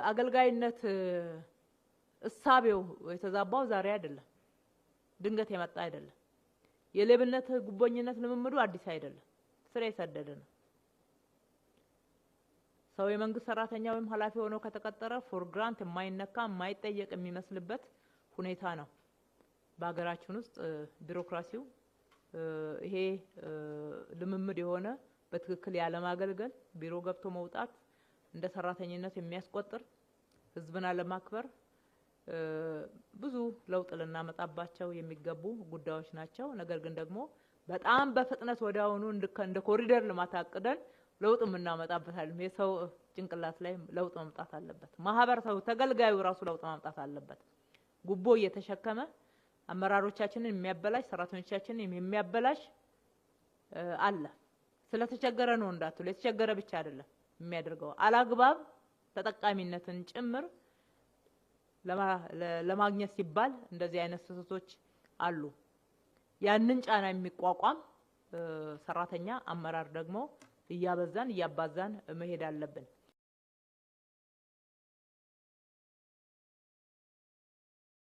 የአገልጋይነት እሳቤው የተዛባው ዛሬ አይደለም፣ ድንገት የመጣ አይደለም። የሌብነት ጉቦኝነት ልምምዱ አዲስ አይደለም፣ ስር የሰደደ ነው። ሰው የመንግስት ሰራተኛ ወይም ኃላፊ ሆኖ ከተቀጠረ ፎር ግራንት የማይነካ የማይጠየቅ የሚመስልበት ሁኔታ ነው። በሀገራችን ውስጥ ቢሮክራሲው ይሄ ልምምድ የሆነ በትክክል ያለማገልገል ቢሮ ገብቶ መውጣት እንደ ሰራተኝነት የሚያስቆጥር ህዝብን አለማክበር ብዙ ለውጥ ልናመጣባቸው የሚገቡ ጉዳዮች ናቸው። ነገር ግን ደግሞ በጣም በፍጥነት ወዲያውኑ እንደ ኮሪደር ልማት አቅደን ለውጥ የምናመጣበታል። የሰው ጭንቅላት ላይ ለውጥ መምጣት አለበት። ማህበረሰቡ ተገልጋዩ ራሱ ለውጥ ማምጣት አለበት። ጉቦ እየተሸከመ አመራሮቻችንን የሚያበላሽ ሰራተኞቻችንን የሚያበላሽ አለ። ስለተቸገረ ነው እንዳትሉ፣ የተቸገረ ብቻ አይደለም። የሚያደርገው አላግባብ ተጠቃሚነትን ጭምር ለማግኘት ሲባል እንደዚህ አይነት ስህተቶች አሉ። ያንን ጫና የሚቋቋም ሰራተኛ አመራር ደግሞ እያበዛን እያባዛን መሄድ አለብን።